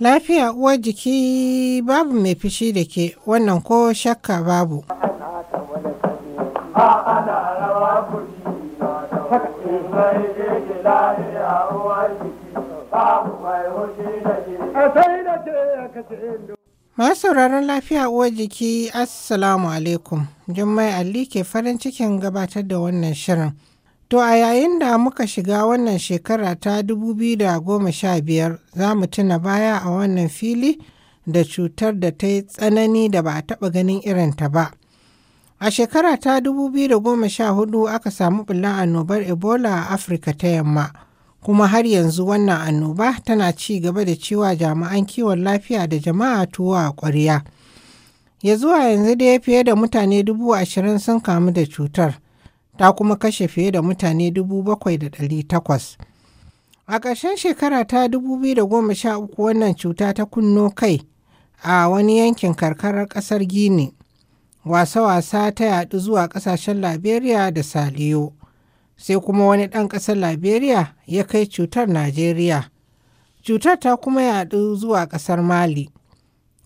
Lafiya uwar jiki babu mai fushi da ke wannan ko shakka babu. Masu sauraron lafiya uwar jiki Assalamu alaikum. Jummai Ali ke farin cikin gabatar da wannan shirin. To a yayin da muka shiga wannan shekara ta 2015 za mu tuna baya a wannan fili da cutar da ta yi tsanani da ba a taɓa ganin irin ta ba. A shekara ta 2014 aka samu bulan annobar Ebola a Afirka ta yamma. kuma har yanzu wannan annoba tana ci gaba da cewa jama'an kiwon lafiya da jama'a tuwo a ƙwarya. Ya zuwa yanzu da ya fiye da mutane dubu ashirin sun kamu da cutar, ta kuma kashe fiye da mutane dubu bakwai da ɗari takwas. A ƙarshen shekara ta dubu biyu da goma sha uku wannan cuta ta kunno kai a wani yankin karkarar ƙasar Gini. Wasa-wasa ta yaɗu zuwa ƙasashen Liberia da Saliyo. sai kuma wani ɗan ƙasar liberia ya kai cutar najeriya cutar ta kuma yaɗu zuwa ƙasar mali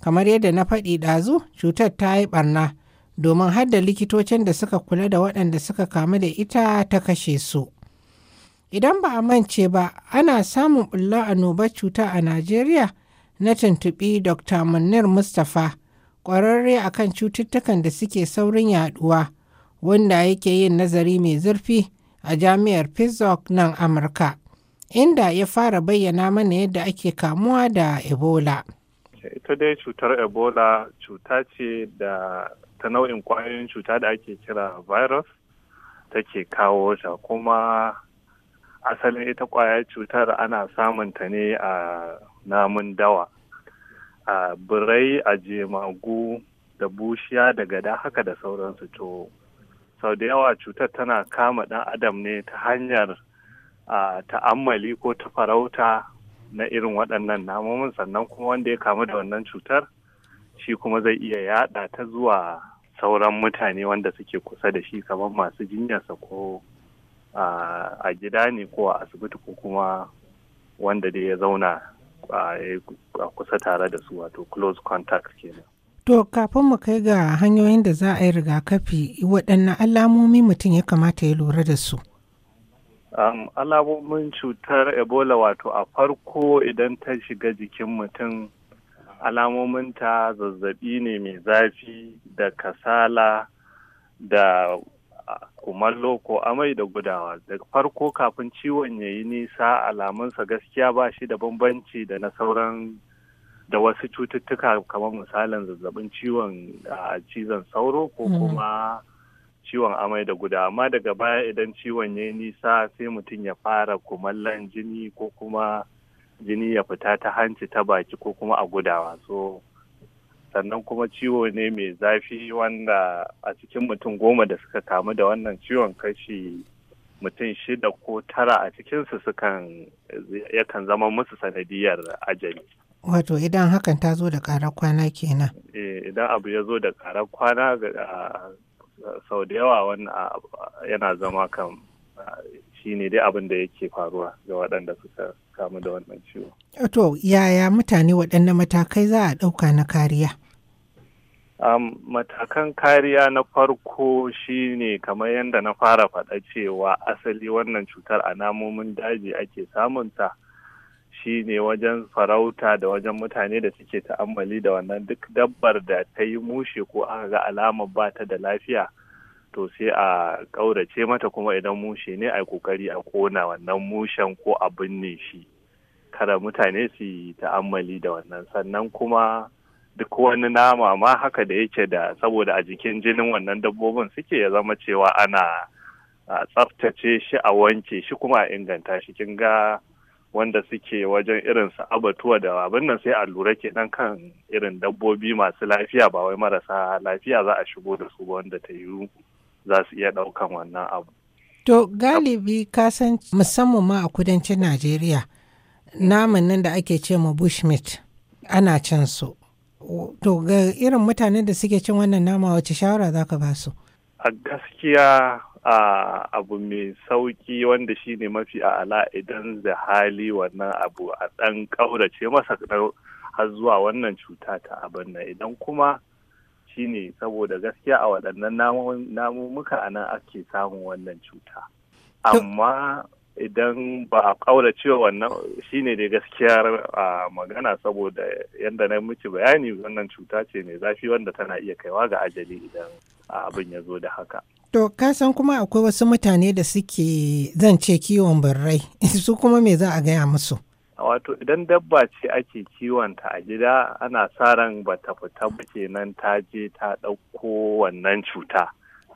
kamar yadda na faɗi ɗazu cutar ta yi ɓarna domin har likitocin da suka kula da waɗanda suka kamu da ita ta kashe su idan ba a mance ba ana samun ɓulla annobar cuta a najeriya na tuntuɓi dr munir mustapha ƙwararre akan cututtukan da suke saurin yaɗuwa wanda yake yin nazari mai zurfi a jami'ar Pittsburgh nan Amurka, inda ya fara bayyana mana yadda ake kamuwa da Ebola. Ita dai cutar Ebola cuta ce da ta nau'in kwayoyin cuta da ake kira virus take kawo ta kuma asalin ita kwayar cutar ana samun ta ne a namun dawa a birai a jemagu da bushiya da gada haka da sauransu to sau da yawa cutar tana kama ɗan adam ne ta hanyar ta'ammali ko ta farauta na irin waɗannan namomin sannan kuma wanda ya kamu da wannan cutar shi kuma zai iya yaɗa ta zuwa sauran mutane wanda suke kusa da shi kamar masu jinyarsa ko a gida ne ko a asibiti ko kuma wanda dai ya zauna a kusa tare da su wato close contact kenan. To kafin mu kai ga hanyoyin da za a yi rigakafi waɗanne alamomi mutum ya kamata ya lura da su. Um, alamomin cutar Ebola wato a farko idan ta shiga jikin mutum alamomin ta zazzabi ne mai zafi da kasala da kumallo ko amai da gudawa da farko kafin ciwon ya yi nisa alamunsa gaskiya ba shi da bambanci da na sauran da wasu cututtuka kamar misalin zazzabin ciwon cizon sauro ko hmm. kuma ciwon amai da guda amma daga baya idan ciwon ya nisa sai mutum ya fara kumallon jini ko kuma jini ya fita ta hanci ta baki ko kuma a gudawa so sannan kuma ciwo ne mai zafi wanda a cikin mutum goma da suka kamu da wannan ciwon kashi mutum shida ko tara a cikinsu sukan yakan zama musu sanadiyar ajali Wato idan hakan ta zo da karar kwana kenan. Eh, idan abu ya zo da karar kwana sau da yawa wannan yana zama kan shi ne dai abin da yake faruwa ga waɗanda suka kamu da wannan ciwo. To yaya mutane waɗanne matakai za a ɗauka na kariya? Um, matakan kariya na farko shi ne kamar yadda na fara faɗa cewa asali wannan cutar a namomin daji ake samunta shi ne wajen farauta da wajen mutane da suke ta'ammali da wannan duk dabbar da ta yi mushe ko aka ga alamar ba ta da lafiya to sai a ƙaurace mata kuma idan mushe ne a yi ƙoƙari a ƙona wannan mushen ko a binne shi kada mutane su yi ta'ammali da wannan sannan kuma duk wani nama ma haka da yake da saboda a jikin jinin wannan dabbobin suke ya zama cewa ana tsaftace shi a wanke shi kuma a inganta shi kin ga wanda suke wajen irin su abatuwa da abin nan sai a lura ke kenan kan irin dabbobi masu lafiya ba wai marasa lafiya za a shigo da su ba wanda ta yiwu za su iya ɗaukan wannan abu. To galibi kasan musamman ma a kudancin Najeriya naman nan da ake ce ma bushmeat ana cin su. To ga irin mutanen da suke cin wannan nama wace shawara za ka ba su? A gaskiya a abu mai sauki wanda shi ne mafi ala idan da hali wannan abu a ɗan ƙaurace masa har zuwa wannan cuta ta abin nan idan kuma shi ne saboda gaskiya a waɗannan namumuka a nan ake samun wannan cuta amma idan ba a ƙaurace wannan shi ne da gaskiyar magana saboda yadda na miki bayani wannan cuta ce mai zafi wanda tana iya kaiwa ga ajali idan abin ya zo da haka To, kasan kuma akwai wasu mutane da suke zance kiwon birrai, su kuma me za a gaya musu? Wato, idan dabba ce ake kiwonta a gida ana sa ran ba ta fita ba kenan ta je ta ɗauko wannan cuta.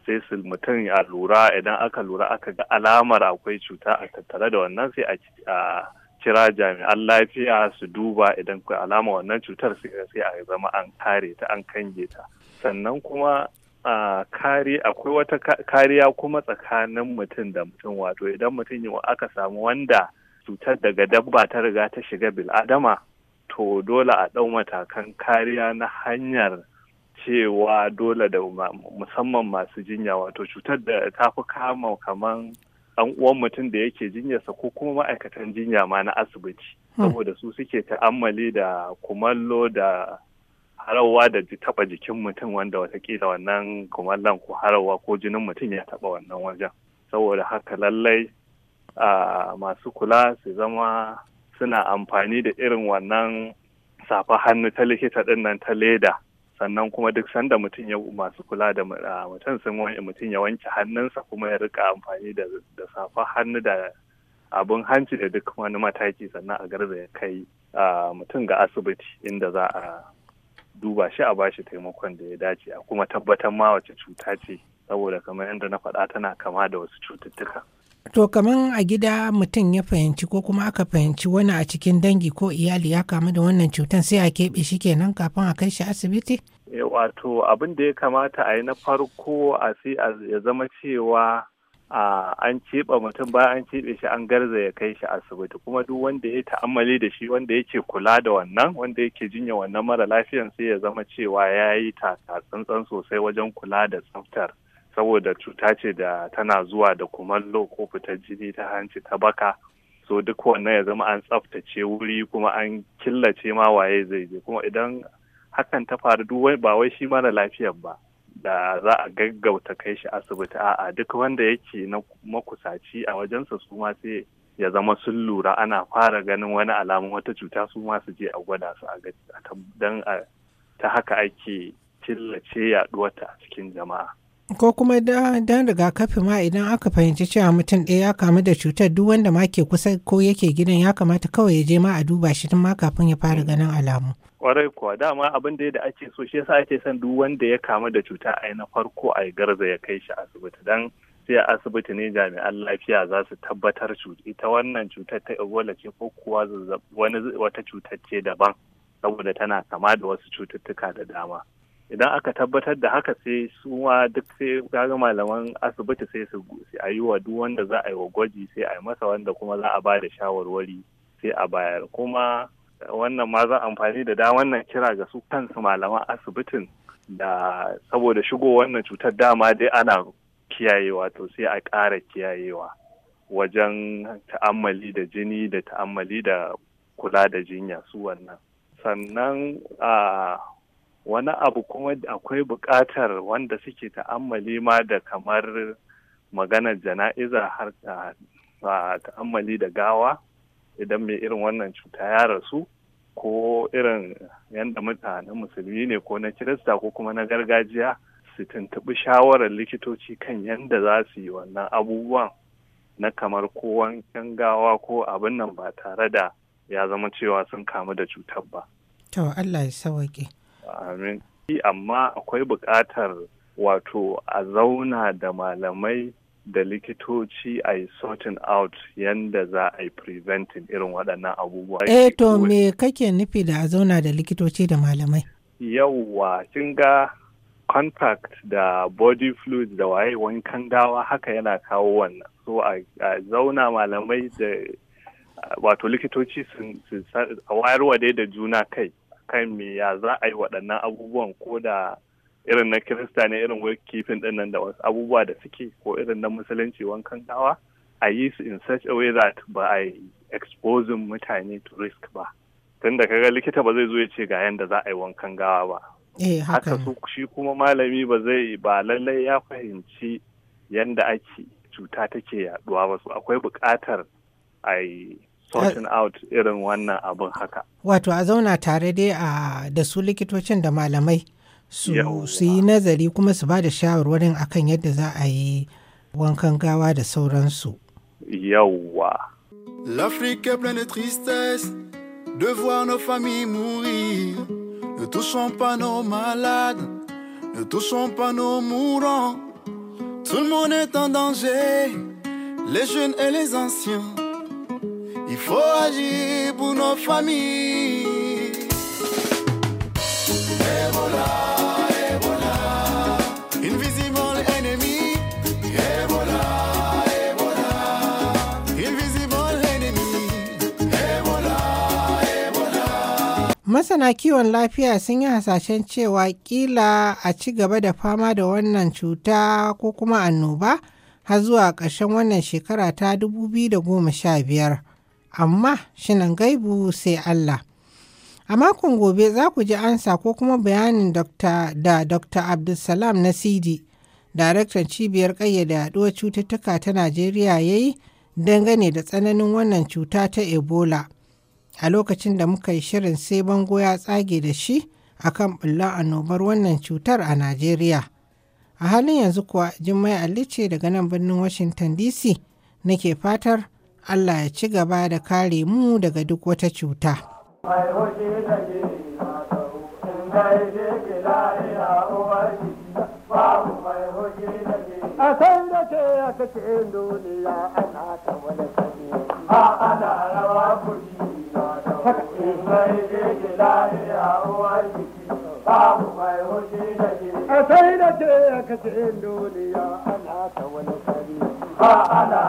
Sai su mutum a lura idan aka lura aka ga alamar akwai cuta a tattare da wannan sai a kira jami'an lafiya su duba idan akwai alama wannan cutar sai a zama an kare ta an kange ta. Sannan kuma A kari akwai wata kariya kuma tsakanin mutum da mutum wato idan mutum aka samu wanda cutar daga dabba ta riga ta shiga bil'adama to dole a ɗau matakan kariya na hanyar cewa dole da musamman masu jinya wato cutar da ta fi kama kamar an uwan mutum da yake jinyarsa ko kuma ma'aikatan jinya ma na asibiti hmm. saboda su suke ta'ammali da kumallo da harawa da taba jikin mutum wanda watakila wannan kumallon ko harawa ko jinin mutum ya taɓa wannan wajen saboda haka lallai masu kula su zama suna amfani da irin wannan safa hannu ta likita ɗinnan nan ta leda sannan kuma duk sanda mutum ya masu kula da mutum sun wani mutum ya wanke hannunsa kuma ya rika amfani da safa hannu da abin hanci da duk wani mataki sannan a garza ya kai mutum ga asibiti inda za a duba shi a bashi taimakon da ya dace a kuma tabbatar ma wace cuta ce saboda kamar yadda na faɗa tana kama da wasu cututtuka. To kamar a gida mutum ya fahimci ko kuma aka fahimci wani a cikin dangi ko iyali ya kamu da wannan cutar sai a keɓe shi kenan kafin a kai shi asibiti? Eh, wato abin da ya kamata a yi na farko a sai ya zama cewa a an keɓe mutum bayan an keɓe shi an garza ya kai shi asibiti kuma duk wanda ya ta'ammali da shi wanda yake kula da wannan wanda yake jinya wannan mara lafiyan sai ya zama cewa ya yi taka tsantsan sosai wajen kula da tsaftar saboda cuta ce da tana zuwa da kumallo ko fitar jini ta hanci ta baka so duk wannan ya zama an tsaftace wuri kuma an killace ma waye zai je kuma idan hakan ta faru duk ba wai shi mara lafiyan ba da za a gaggauta kai shi asibiti a'a duk wanda yake na makusaci a wajensa su ma sai ya zama sun lura ana fara ganin wani alamun wata cuta su ma su je a gwada su a don ta haka ake killace yaduwarta a cikin jama'a. ko kuma don rigakafi ma idan aka fahimci cewa mutum ɗaya ya kamu da cutar duk wanda ma ke kusa ko yake gidan ya kamata kawai ya je ma a duba shi tun ma kafin ya fara ganin alamu. Kwarai kuwa dama abin da da ake so shi yasa ake son duk wanda ya kamu da cuta a na farko a garza ya kai shi asibiti dan sai a asibiti ne jami'an lafiya za su tabbatar ita wannan cutar ta ebola ce ko kuwa wani wata cutar ce daban saboda tana kama da wasu cututtuka da dama. idan aka tabbatar da haka sai su ma duk sai kaga malaman asibiti sai su a wa duk wanda za a yi wa gwaji sai a yi masa wanda kuma za a ba da shawarwari sai a bayar kuma wannan ma za amfani da da wannan kira ga su kansu malaman asibitin da saboda shigo wannan cutar dama dai ana kiyayewa to sai a ƙara kiyayewa wajen ta'ammali da jini da ta'ammali da kula da jinya su wannan sannan a ah, wani abu kuma akwai buƙatar wanda suke ta'ammali ma da kamar maganar jana'iza har ta'ammali da gawa idan mai irin wannan cuta ya rasu ko irin yadda mutanen musulmi ne ko na kirista ko kuma na gargajiya su tuntuɓi shawarar likitoci kan yadda za su yi wannan abubuwan na kamar ko wankan gawa ko abin nan ba tare da ya zama cewa sun kamu da cutar ba. To Allah ya sawaƙe. Amin. Amma akwai buƙatar wato a zauna da malamai da likitoci a yi sorting out yanda za a yi preventing irin waɗannan abubuwa. Eh to me kake nufi da a zauna da likitoci da malamai? Yauwa, kin ga contact da body fluid da waye wankan gawa haka yana kawo wannan. So a zauna malamai da wato likitoci sun wayarwa dai da juna kai. kan me ya za a yi waɗannan abubuwan ko da irin na kirista ne irin wake kifin ɗin nan da wasu abubuwa da suke ko irin na musulunci wankan gawa a yi su in such a way that ba a yi exposing mutane to risk ba Tun da kaga likita ba zai zo ya ce ga yanda za a yi wankan gawa ba eh, haka su shi kuma malami ba zai ba lallai ya fahimci yadda ake cuta take yaduwa ba su akwai buƙatar a sorting out irin wannan abin haka. Wato a zauna tare dai a da su likitocin da malamai su yi nazari kuma su ba da shawarwarin akan yadda za a yi wankan gawa da sauransu. Yawwa. L'Afrique est pleine de tristesse, de voir nos familles mourir. Ne touchons pas nos malades, ne touchons pas nos mourants. Tout le monde est en danger, les jeunes et les anciens. foge por nos família. Ebola, Ebola, invisible enemy. Ebola, Ebola, invisible enemy. Ebola, Ebola. Masana kiwon lafiya sun yi hasashen cewa kila a ci gaba da fama da wannan cuta ko kuma annoba har zuwa ƙarshen wannan shekara ta 2015. amma shinan gaibu sai Allah. A makon gobe za ku ji ansa ko kuma bayanin da Dr. Abdulsalam na Nasidi, daraktan cibiyar ƙayyada yaɗuwar cututtuka ta Najeriya ya yi dangane da tsananin wannan cuta ta Ebola. A lokacin da muka yi shirin sai bango ya tsage da shi a kan ɓullar annobar wannan cutar a Najeriya. A halin yanzu kuwa Jummai Ali daga nan birnin Washington DC nake fatar Allah ya ci gaba da kare mu daga duk wata cuta. A sai da duniya ana ta wani a ana